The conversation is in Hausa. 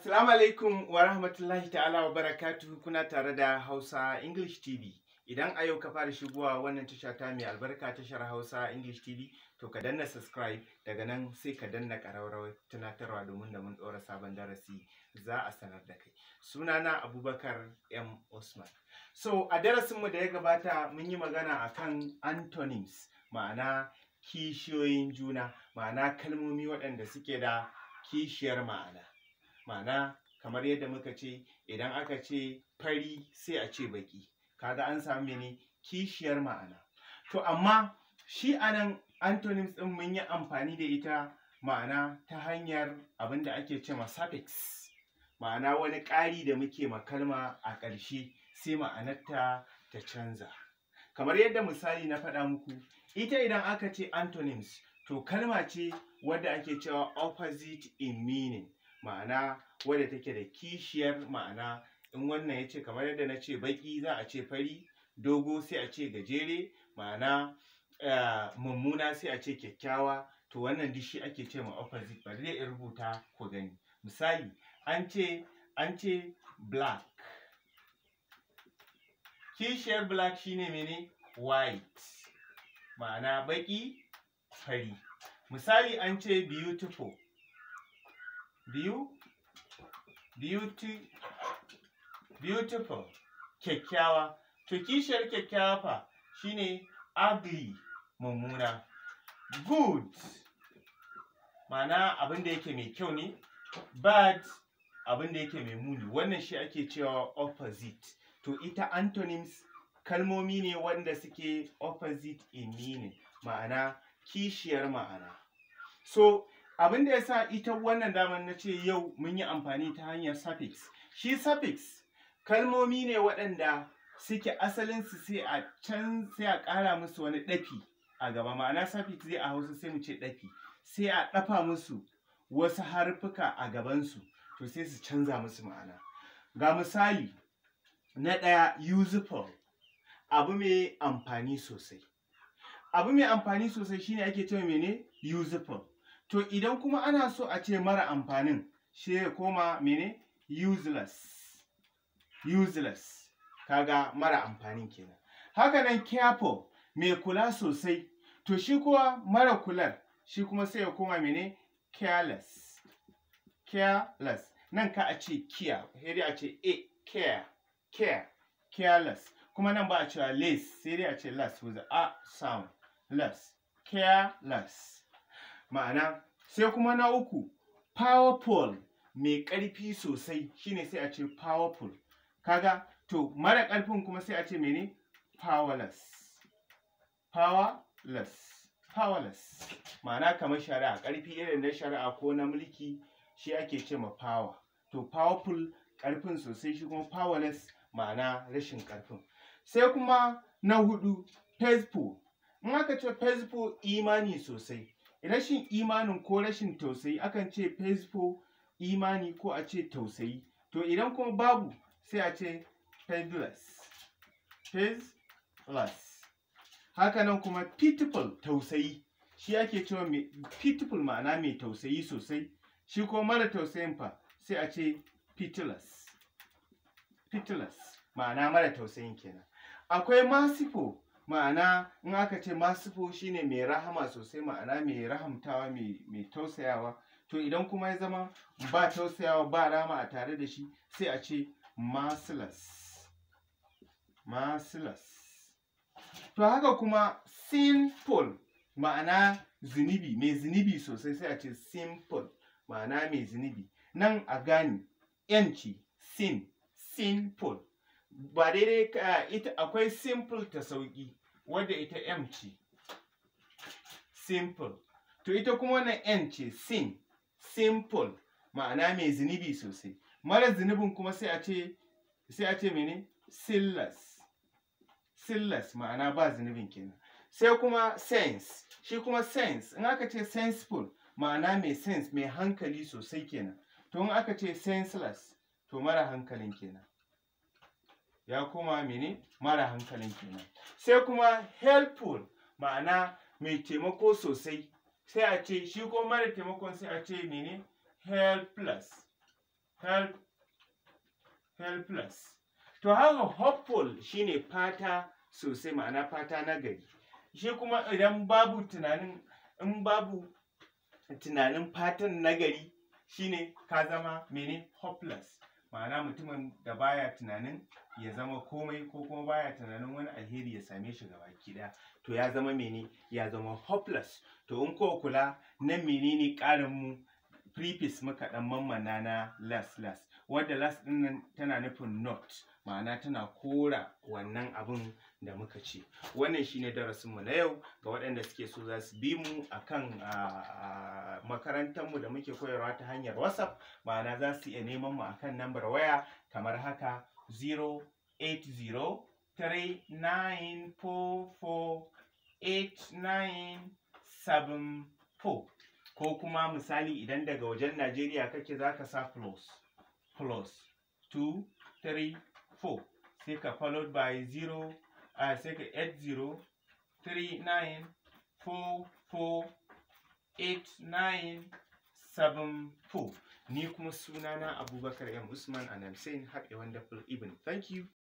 Assalamu alaikum wa rahmatullahi ta'ala wa barakatuhu kuna tare da Hausa English TV. Idan a yau ka fara shigowa wannan tasha ta mai albarka tashar Hausa English TV, to ka danna subscribe daga nan sai ka danna ƙararrawar tunatarwa domin da mun ɗora sabon darasi za a sanar da kai. Sunana Abubakar M. Usman. So a darasin mu da ya gabata mun yi magana akan antonyms ma'ana kishiyoyin juna ma'ana kalmomi waɗanda suke da kishiyar ma'ana. ma'ana kamar yadda muka ce idan aka ce fari sai a ce baki kaga an samu mene kishiyar ma'ana to amma shi anan antonyms din mun yi amfani da ita ma'ana ta hanyar abin da ake ce ma suffix ma'ana wani ƙari da muke ma a ƙarshe sai ma'anarta ta canza kamar yadda misali na faɗa muku ita idan aka ce antonyms to kalma ce wadda ake cewa opposite in meaning ma'ana wadda take da kishiyar ma'ana in wannan ya ce kamar yadda na ce baki, za a ce fari dogo sai a ce gajere ma'ana eh, mummuna sai a ce kyakkyawa to wannan dishi ake ce ma opposite ba dai rubuta ko gani misali an ce an ce black kishiyar black shine mene white ma'ana baki, fari misali an ce beautiful biyu beauty beautiful kyakkyawa to kishiyar kyakkyawa fa shine ugly mummuna good ma'ana abin da yake mai kyau ne bad abin da yake mai muni wannan shi ake cewa opposite to ita antonyms kalmomi ne wanda suke opposite in meaning ma'ana kishiyar ma'ana so abin da ya sa ita wannan damar na ce yau mun yi amfani ta hanyar suffix shi suffix kalmomi ne waɗanda suke asalinsu sai a can sai a ƙara musu wani ɗafi a gaba ma'ana suffix zai a hausa sai mu ce ɗafi sai a ɗafa musu wasu harfuka a gabansu to sai su canza musu ma'ana ga misali na ɗaya useful abu mai amfani sosai abu mai amfani sosai shine ake cewa mene useful To idan kuma ana so a ce mara amfanin shi ya koma mene useless. Useless. Kaga mara amfanin kenan. Hakanan careful mai kula sosai. To shi kuwa mara kular shi kuma sai ya koma mene careless. Careless. Nan ka a ce care, sai a ce a eh, care, care, careless. Kuma nan ba a cewa less, sai dai a ce less with a sound. Less, careless. ma'ana sai kuma na uku powerful mai ƙarfi sosai shine sai a ce powerful kaga to mara ƙarfin kuma sai a ce mene powerless powerless powerless ma'ana kamar shari'a ƙarfi irin na shari'a ko na mulki shi ake ce ma power to powerful ƙarfin sosai shi kuma powerless ma'ana rashin ƙarfin sai kuma na hudu faithful in aka ce faithful imani sosai rashin imanin ko rashin tausayi akan ce faithful imani ko a ce tausayi to idan kuma babu sai a ce faithless faithless hakanan kuma pitiful tausayi shi ake cewa pitiful ma'ana mai tausayi sosai shi kuma mara tausayin fa sai a ce pitiless pitiless ma'ana mara tausayin kenan akwai masifo ma'ana in aka ce masifu ne mai rahama sosai ma'ana mai rahamtawa mai tausayawa to idan kuma ya zama ba tausayawa ba rama a tare da shi sai a ce masilas masilas to haka kuma sinful ma'ana zunubi mai zunubi sosai sai a ce sinful ma'ana mai zunubi nan a gani yanci sin sinful ba daidai ka ita akwai simple ta sauki wadda ita m ce simple to ita kuma wannan n ce sin simple ma'ana mai zunubi sosai mara zunubin kuma sai a ce sai a ce mene sillas sillas ma'ana ba zunubin kenan sai kuma sense shi kuma sense in aka ce senseful ma'ana mai sense mai hankali sosai kenan to in aka ce senseless to mara hankalin kenan ya koma mini mara hankalin kenan sai kuma helpful ma'ana mai taimako sosai sai a ce shi ko mara taimakon sai a ce mini helpless help helpless to haka hopeful shine fata sosai ma'ana fata na gari shi kuma idan babu tunanin in babu tunanin fatan nagari shine ka zama mini hopeless ma'ana mutumin da baya tunanin ya zama komai ko kuma baya tunanin wani alheri ya same shi gaba ɗaya to ya zama mene ya zama hopeless to in ko kula nan menene karin mu prefix muka ɗan mammana na las las wadda las ɗin tana nufin not ma'ana tana kora wannan abin da muka ce wannan shine darasin mu na yau ga waɗanda suke so za su bi mu akan mu da muke koyarwa ta hanyar whatsapp ma'ana za su iya neman mu akan nambar waya kamar haka 080 3944 ko kuma misali idan daga wajen Najeriya kake zaka sa plus plus 2 3 4 sai ka followed by 0 a sai ka 8 0 3 9 4 4 8 9 7 4 ni kuma sunana abubakar m usman and i'm saying have a wonderful evening thank you